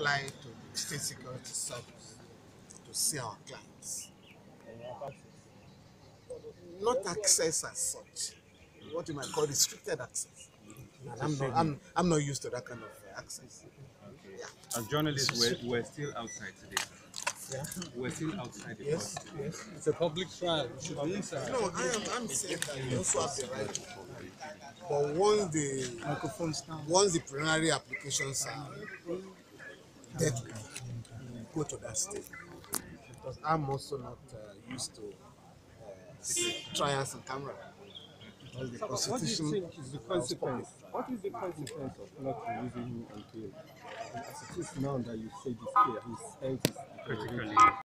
apply to the state security service to see our clients. Not access as such, what you might call restricted access. I'm not, I'm, I'm not used to that kind of uh, access. Okay. Yeah. As journalists, we're, we're still outside today. Yeah. We're still outside the yes, Yes. It's a public trial. We should be inside. No, I am I'm saying that you also have the right to But once the microphone down. once the preliminary applications are go to that state because I'm also not uh, used to uh, trials in camera. the so constitution what do you think is the consequence? What is the consequence of not releasing him on bail? As it is now that you say this here, his health is critically.